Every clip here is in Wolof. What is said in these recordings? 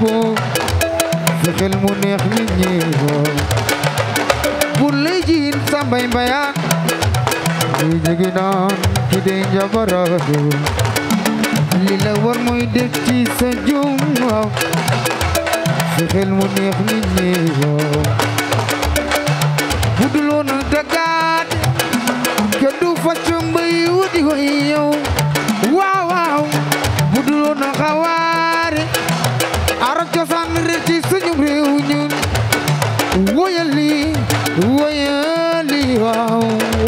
boo fexeel mu neex nit ñi boo bur lay jiin sambay mbayaan muy jege naan ki dey njabaraadu li la muy def ci sa jum waaw fexeel mu neex nit ñi boo bu dul woon dagaat ke du fa cumbay wuti ko yow arak cosaan réer ci suñu réew ñun woyali woyali waaw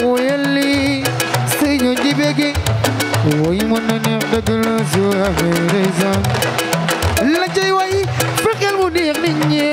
woyali sëñu jibe gi woy mën na neex dëgg la su affaire yi la cay way fexeel mu neex nit ñi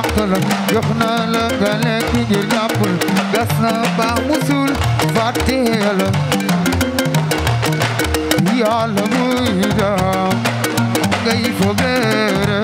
àqal jox na la nga lekk ngir jàppal gas na baax musul fàtteel yàlla muy jaam ngay fogeere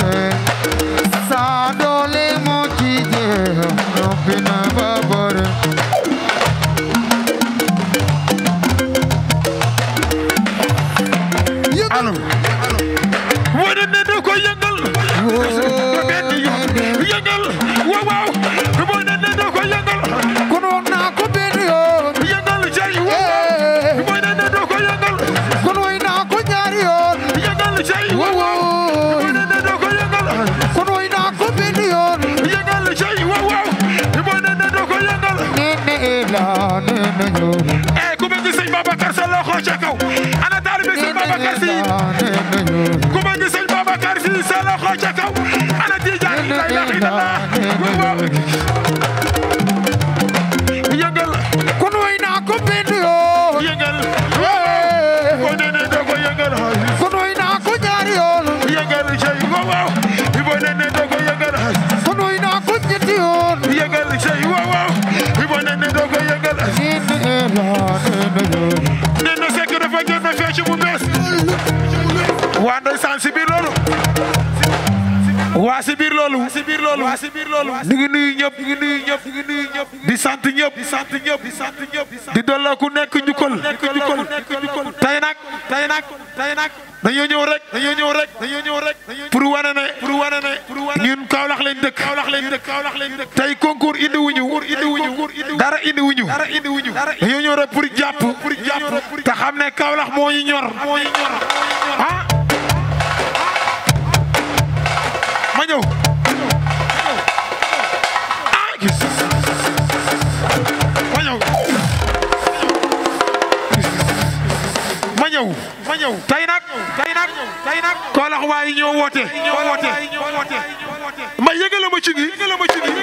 waa si biir loolu waa si biir loolu waa si biir loolu ñu ngi ñu ngi nuyu ñëpp sant ñëpp di dolla ku nekk njukkal nekk njukkal tey nag tey nag tey ñëw rek dañoo ñëw rek dañoo ñëw rek pour wane ne pour wane ne ñun Kaolack lañ dëkk Kaolack lañ dëkk Kaolack lañ dëkk tey concours indi wuñu indi wuñu dara indi wuñu dara indi wuñu dañoo ñëw rek pour jàpp pour jàpp te xam ne Kaolack moo ñu ñor moo ñu ñor ah ñëw tey nag tey nag tey nag Kaolack waay ñoo woote. ñoo woote ma yëgale ma ci gi yëgale ma ci gi.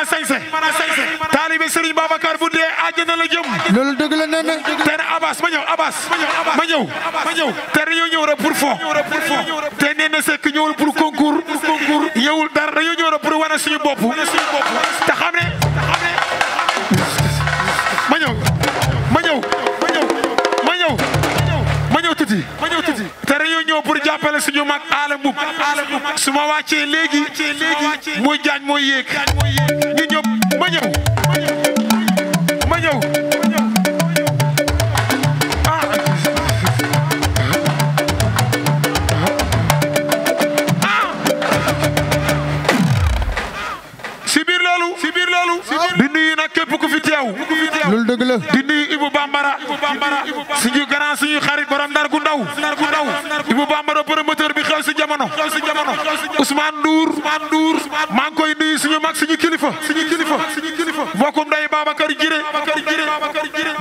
mën a sañse taalibe Serigne Babacar bu dee àjjana la jëm loolu dëgg la nee na Abbas ma Abbas ma ñëw ma ñëw te rek pour fo te nee na sekk ñëwul pour concours concours yewul dara dañoo ñëw rek pour wane suñu bopp te xam ne ma ñëw ma ñëw ma ñëw ma ñëw tuuti ma ñëw tuuti te dañoo ñëw pour jàppale suñu mag aala bub su ma wàccee léegi léegi mooy jaañ mooy yéeg Ousmane Ndour Ousmane Ndour maa ngi koy nuyu suñu mag suñu kilifa suñu kilifa suñu kilifa mbokkum day Babacar Jiré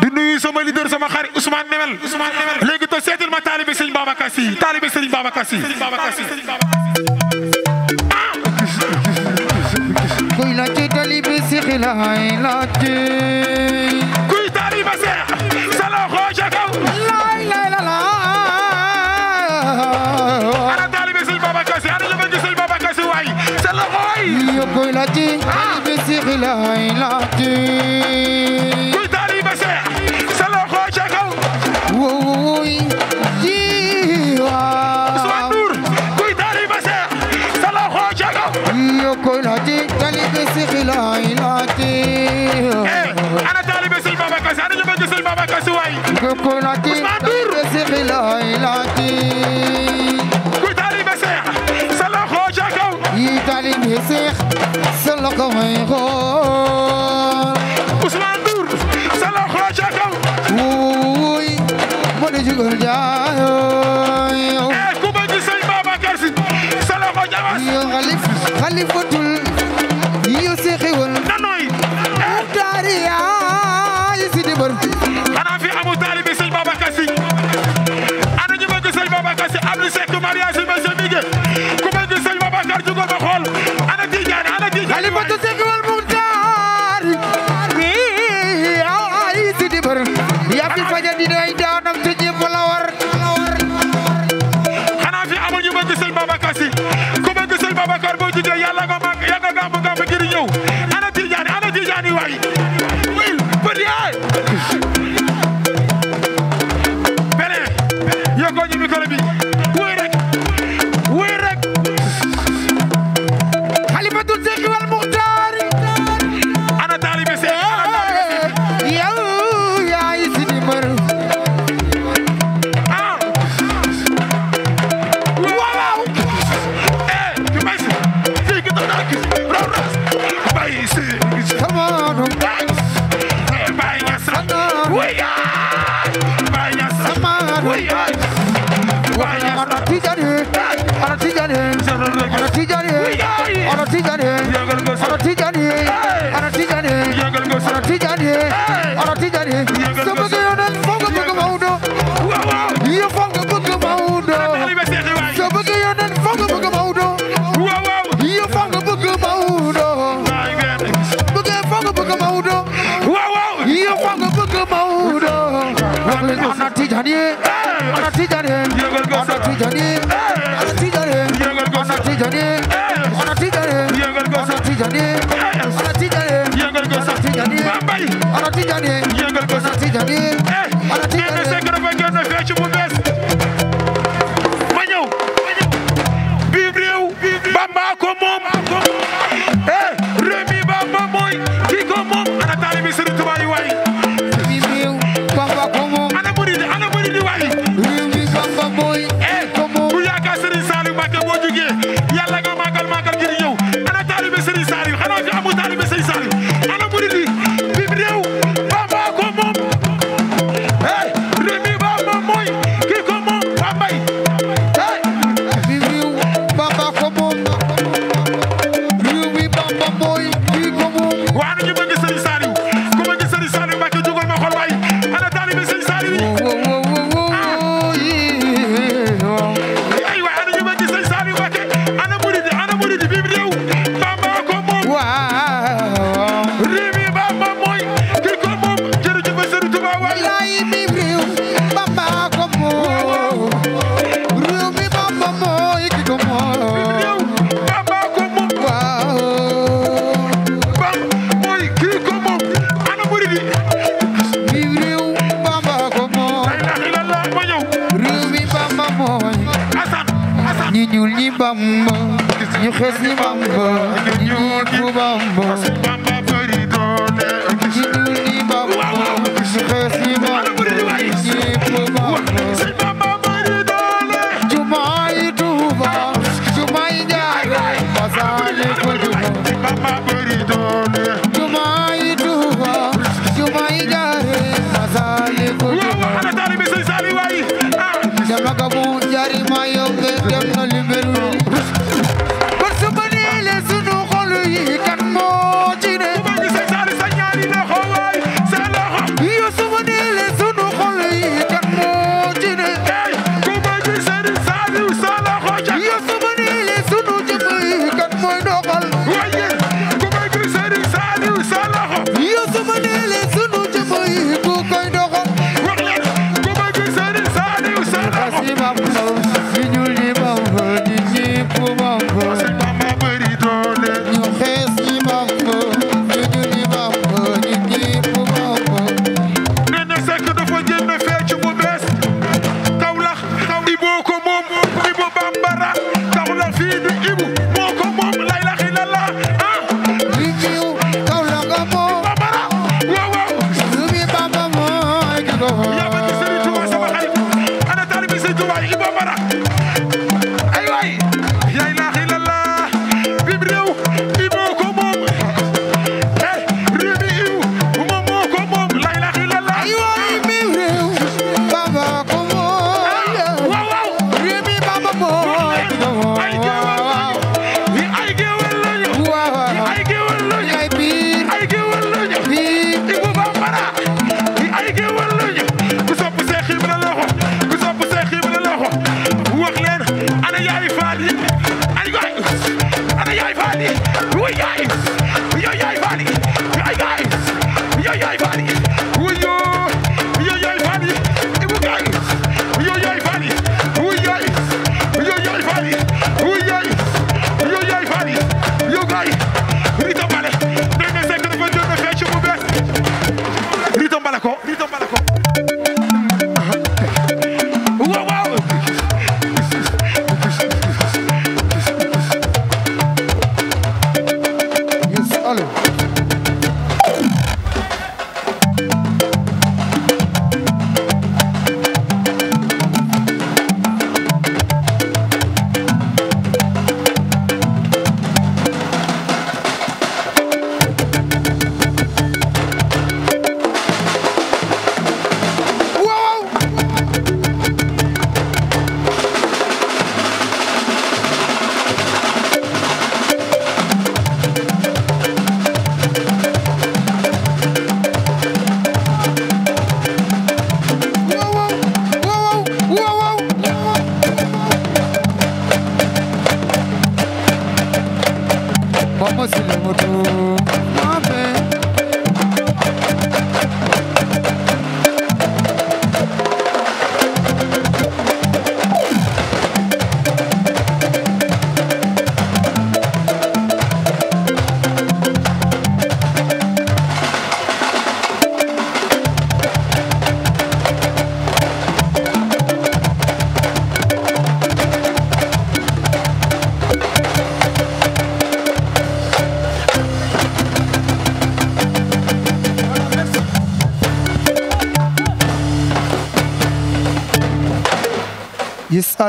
di nuyu sama leader sama xarit Ousmane Nemel Ousmane Nemel léegi to seetil ma taalibe Serigne Babacar Sy taalibe Serigne Babacar Sy koy laaj taalibe Serigne la laaj بلادي قلبي سيغ لا إله seex sa loxo may xool Ousmane Ndour di jigol jaayooy ee ku bëgg sëñ Babacar Si sa loxo jamas yo xalif xalifatul yo seexi woon nanooy ee taari yaay ah, si di bër xanaa fi amu taalibi sëñ Babacar Si anu ñu bëgg sëñ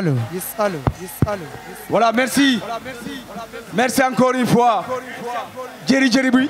Yesal. Yesal. Yesal. Yesal. Voilà, merci. Voilà, merci. Voilà, merci. Merci encore une fois. Jerry Jerry Bui.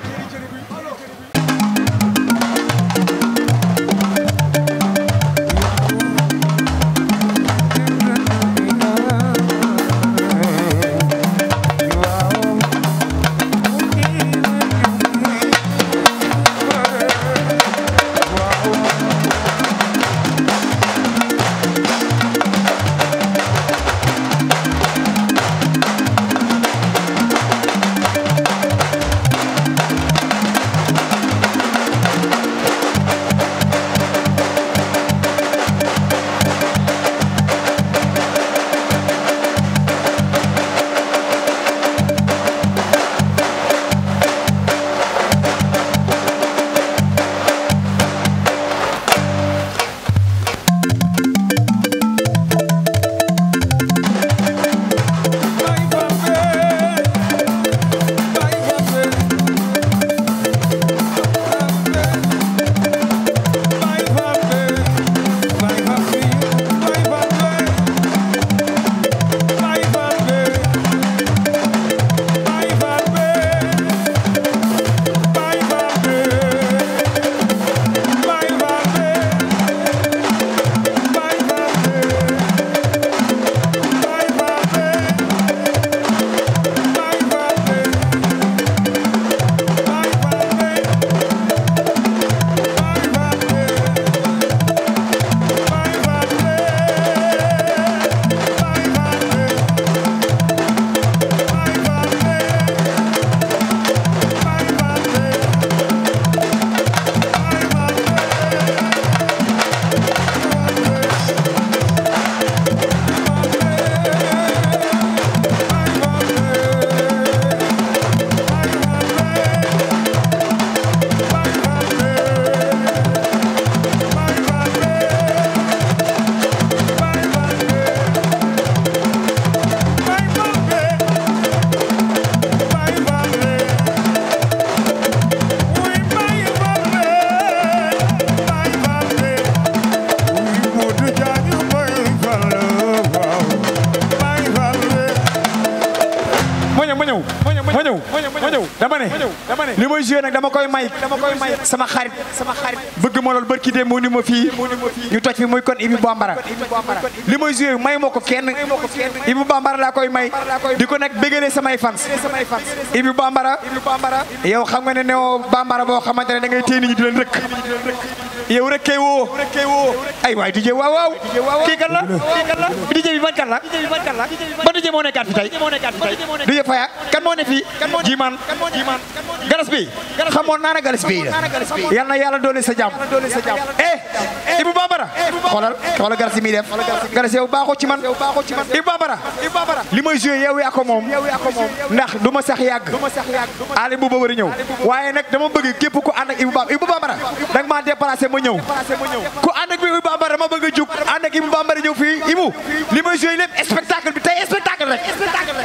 de mu ma fii ñu toj fi muy kon Ibi Bambara li may joué may ma ko Ibi Bambara laa koy may di ko nag bégalee samay fans Ibi Bambara yow xam nga ne ne da ngay téye nit ñi di leen rëkk yow rek kay woo ay waay DJ waaw waaw kii kan la bi ban kan la ban DJ moo nekkaat fi tey Faya kan moo ne fii jiman galas bi xamoon naa ne galas bi yal na yàlla doole sa jàmm eh, eh, eh Ibou Bambara xoolal xoolal galas yi muy def galas yow baaxoo ci man Ibou Bambara li may joué yow yaa ko moom ndax du sax yàgg Ali bu war a ñëw waaye nag dama bëgg képp ku ànd ak Ibou Bambara Ibou maa déplacé ma ñëw ku ànd ak Ibou Bambara ma bëgg a jug ànd ak Ibou ñëw fii Ibou li may joué spectacle bi tey spectacle rek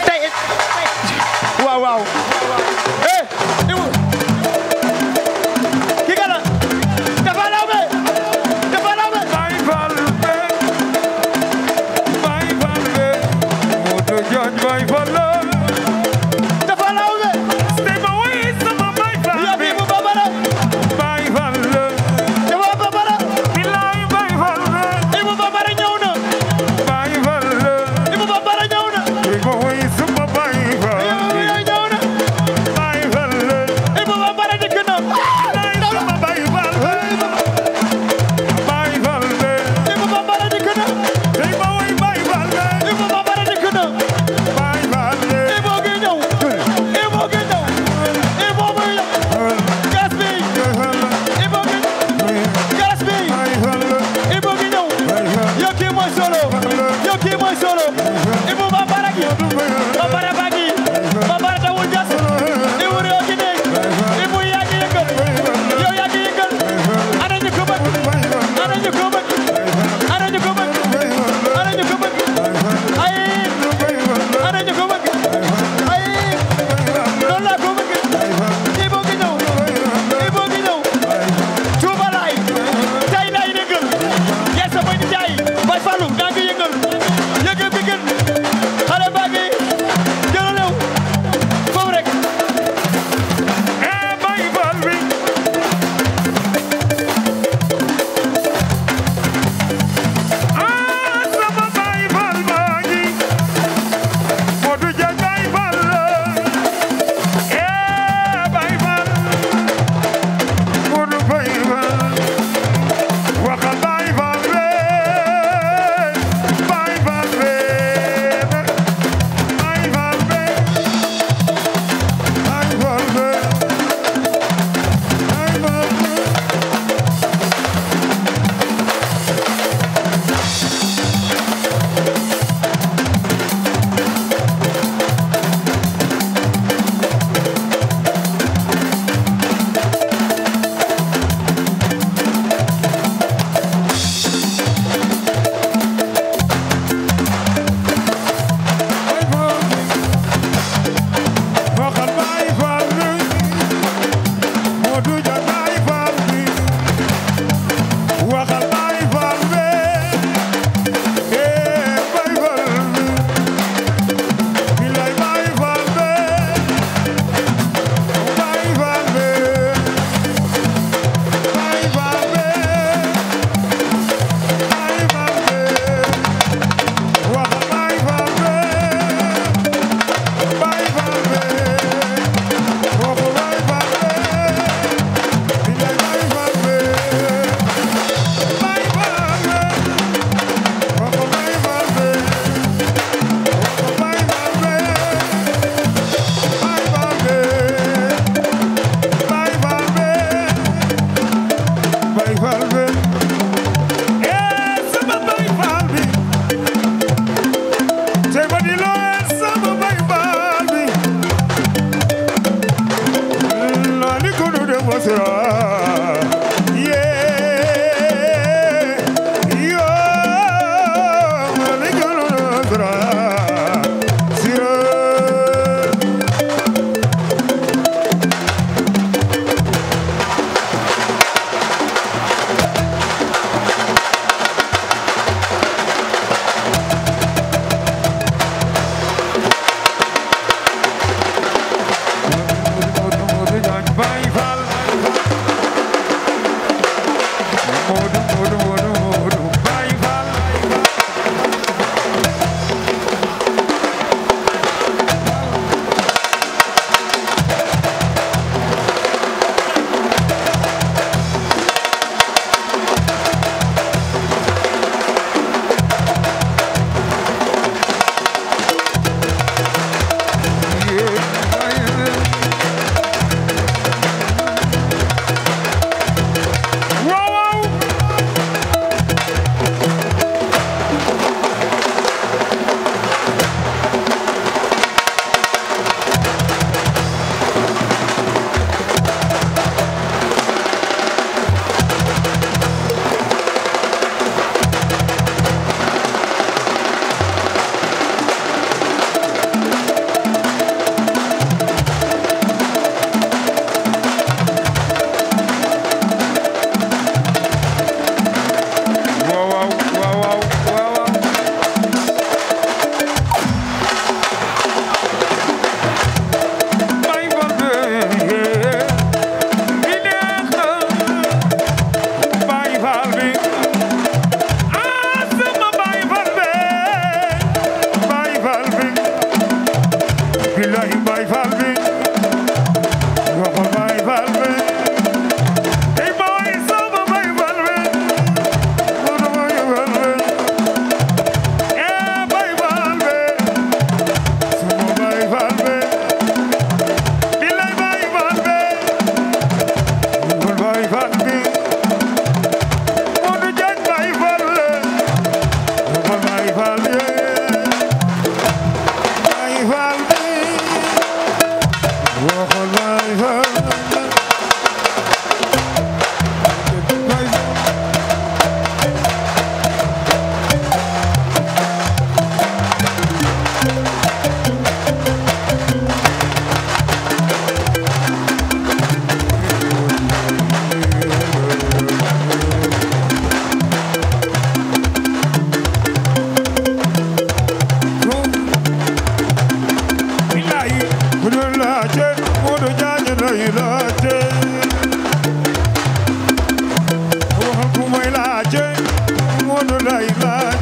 life.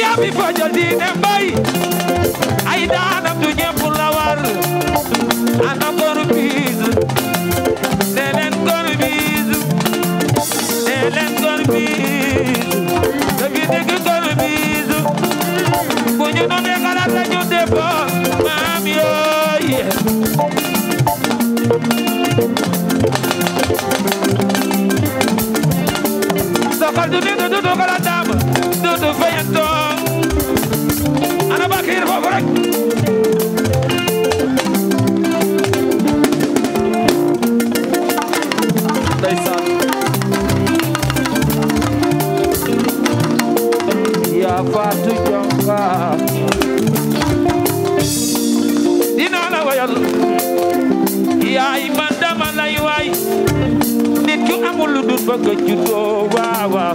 yaa fi fajal diine mbay ay daanam du ñepp la war ana góor biis nee leen góor biis nee leen góor biis dëgg dëgg góor biis bu ñu nu dee xalaat la ñu dépoo maam yooye sokal du nit du du xalaat de Fayanton ana Bakir foofu rek ndeysaan yaa faatu jonga dina la wayal yaay man dama lay waay nit ku amul lu dul bëgg a juddoo waaw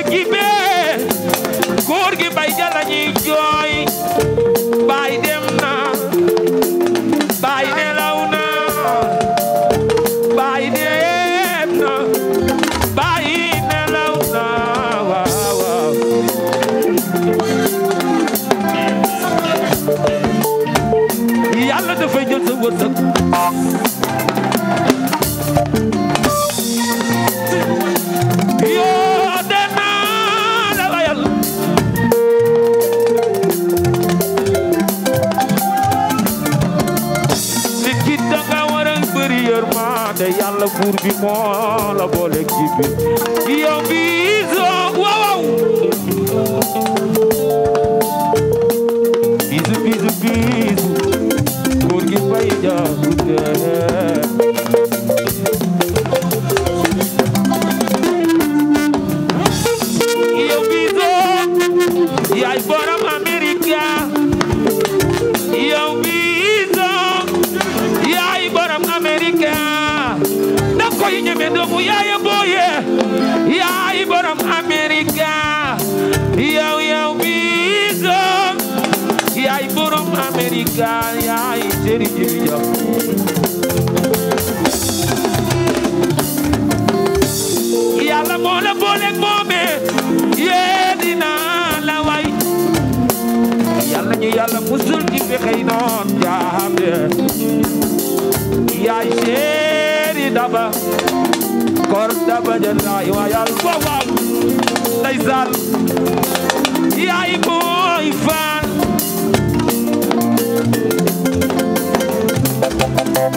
fay ja lañuy jooy buur bi moo la boole jibi yow bi gaal yaay jëri jëri ja yàlla moo la moome yee dina la way yàlla ñu yàlla musul ci fexey noon jaam de yaay seeri daba kor daba jëlaay wa yàlla waaw waaw ndeysaan yaay mooy faa a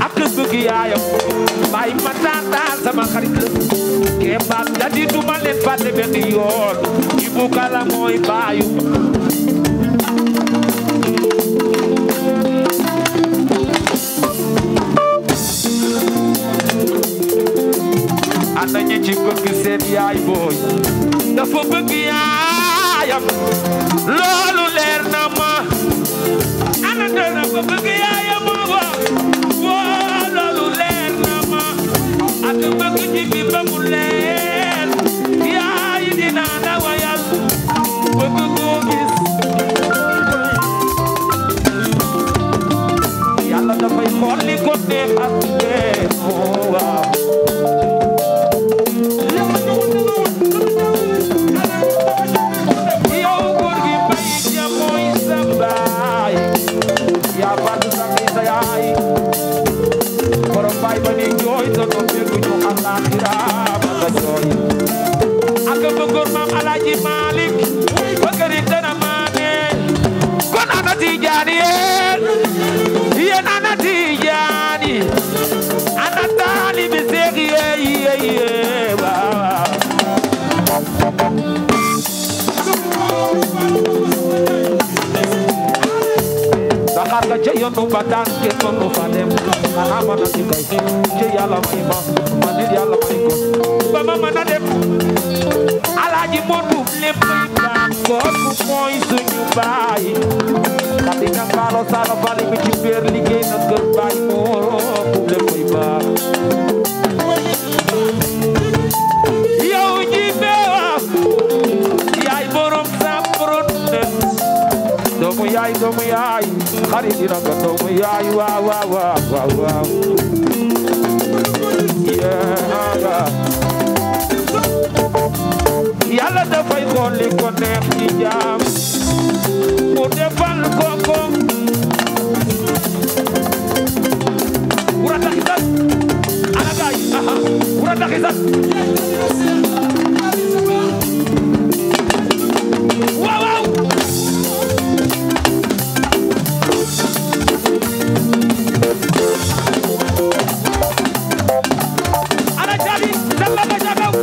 ak bëgg yaayam baay ma taataan sama xarit la kee baat da di du ma leen fàtte i baayu ana ñi ci bëgg seen yaay booy dafa bëgg yaayam loolu leer na ma yàlla dafay xool li ko neex ak góor maam alaaji Malick ba këri dana maane kon ana Tijaan yéen yéen ana Tijaan ana taalibi Seex yéyéyé saxaar ca yoonu ba daan kenn mënu fa dem xanaa mën a dikay ci yàlla may ma ma nit yàlla may ko ba ma mën a dem alaaji moodu lépp daan kooku mooy suñu baay kati ka faalo saalo faali mi ci biir liggéey na kër baay moodu lépp baax yow ji beewa yaay borom sa produit doomu yaay doomu yaay xarit yi raka doomu yaay waaw waaw waaw waaw ah, ah. yàlla dafay xool li ko neex ci jaam mu defal ko ko wura taxisat ana gaay aha wura taxisat waaw waaw ana jaali dalla ga jagaw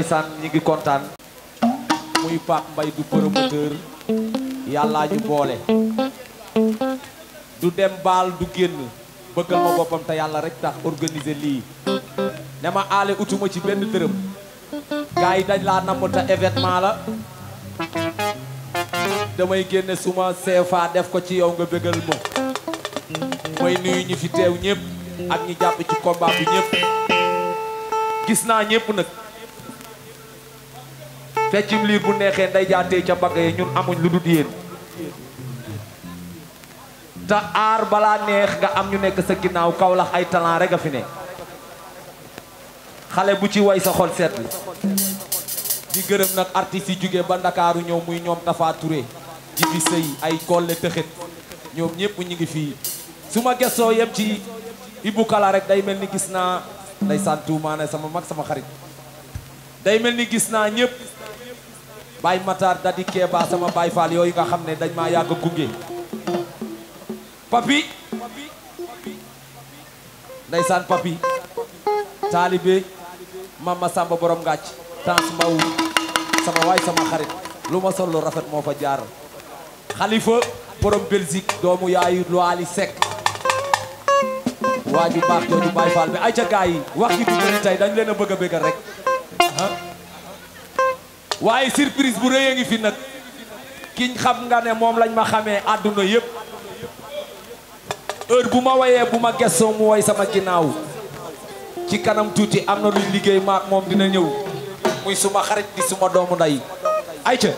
ndeysaan ñi ngi kontaan muy Pape Mbaye du promoteur yàllaa ñu boole du dem baal du génn bëggal ma boppam te yàlla rek tax organiser lii ne ma aale utuma ci benn dërëm gars dañ laa namm te événement la damay génne suma CFA def ko ci yow nga bëggal ma mooy nuyu ñi fi teew ñëpp ak ñi jàpp ci combat bi ñëpp gis naa ñëpp nag feccum liir bu neexee nday jaatee ca mbagg yi ya ñun amuñ lu dul yéen te aar neex nga am ñu nekk sa ginnaaw Kaolack ay talent rek a fi ne xale bu ci way sa xol seet di gërëm nag artistes yi jóge ba ndakaaru ñëw muy ñoom Tafa Touré ji ay kolle ngi ci Kala rek day mel ni gis naa ndeysaan tuumaane sama mag sama xarit day mel gis Bay Matar dadi keba sama bay fal yoy nga xamne dañ ma yag gunge papi ndaysan papi talibé mama Samba borom ngàcc tans mbaw sama way sama xarit luma solo rafet mo fa jaar khalifa borom Belgique doomu yaay lu Ali Seck waaju baax jooju Baye Fall bi ay ca gaay yi wax yi dañ leena bëgg bëgg rek waaye surprise bu rëy a ngi fi nag kiñ xam nga ne moom lañ ma xamee àdduna yëpp heure bu ma woyee bu ma gestoo mu woy sama ginnaaw ci kanam tuuti am na luñ liggéey maak moom dina ñëw muy suma xarit di suma doomu ndey ayca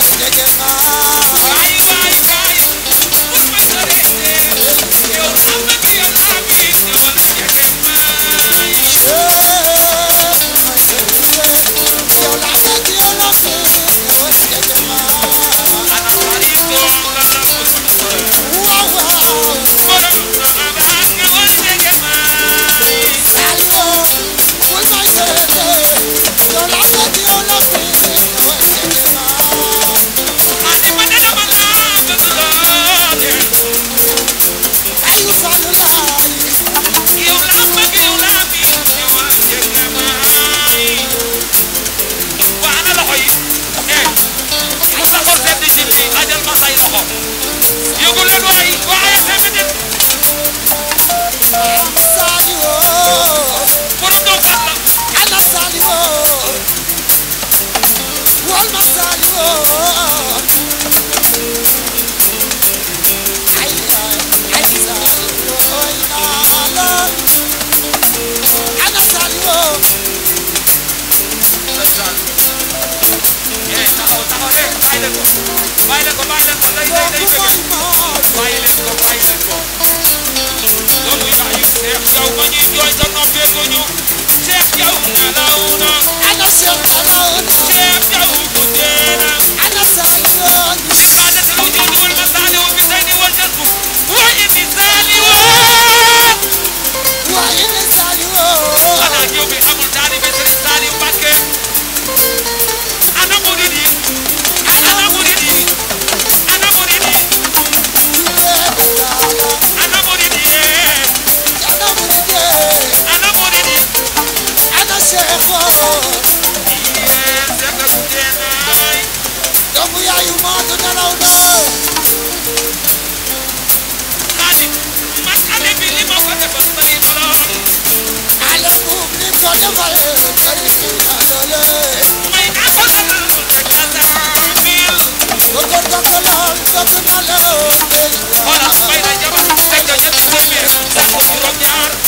p e n j Why is it Hold on, wait, I just want to take a little bit of a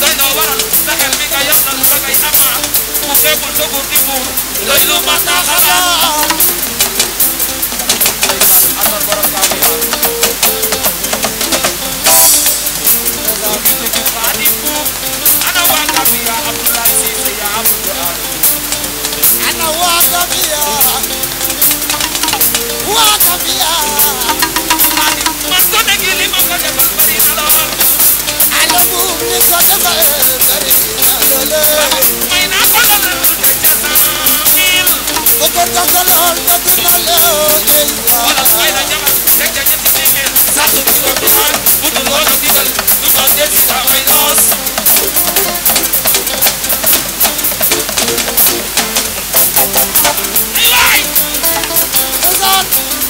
doy na waral sa xel bi nga yor na la ngay ama mu fekkul sa góor gi mu doy lu ma tax a asal borom kawe abdullah sis ya abdullah ana wa kawe ya wa يعلمون صدقة مرينا ولا وين أصلا وقرد صلاة بدنا لون Hold on!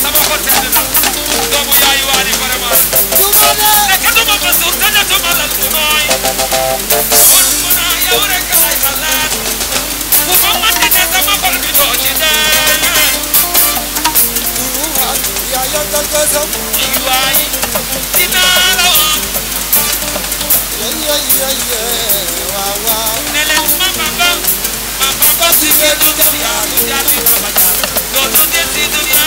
sama xol sedd na doomu yaayu waali vraiment ne gisuma ko suuf tëjatuma lan lu nooy man mu naa yow rek laay xalaat bu ma matti ne sama xol bi doo ci dee yaaya dalgasam waay dinaa la woon waaw waaw ne leen ma bamba ma bamba si biir dunya yaa lu jàlli baba jaar loolu ngeen di dunya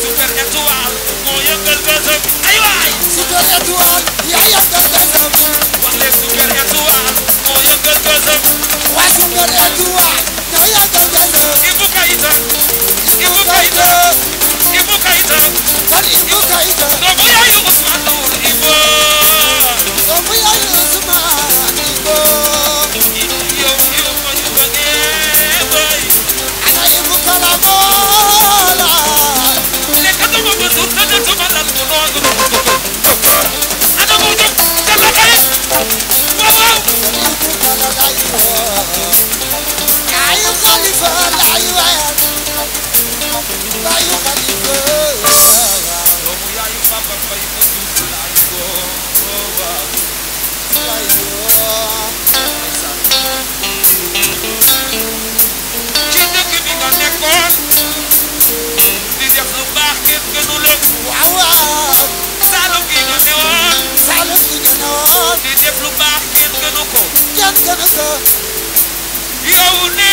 super étoile moo yëngal bësëm ay waay super étoile yaa yëngal bësëm wax leen super étoile moo yëngal bësëm waa super étoile yaa yëngal bësëm Ibou Kayta Ibou Kayta Ibou Kayta man Ibou Kayta doomu yaayu Ousmane Nour Ibo doomu yaayu Ousmane Ibo yow yow ma ñu bëggee boy ana Ibou Kala Mola Salut, Salut, eu nem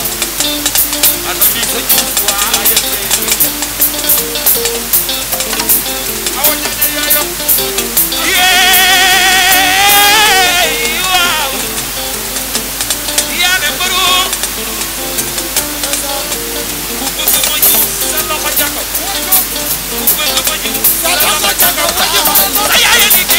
Salama Jacob, Salama Jacob, Salama Jacob, Salama Jacob,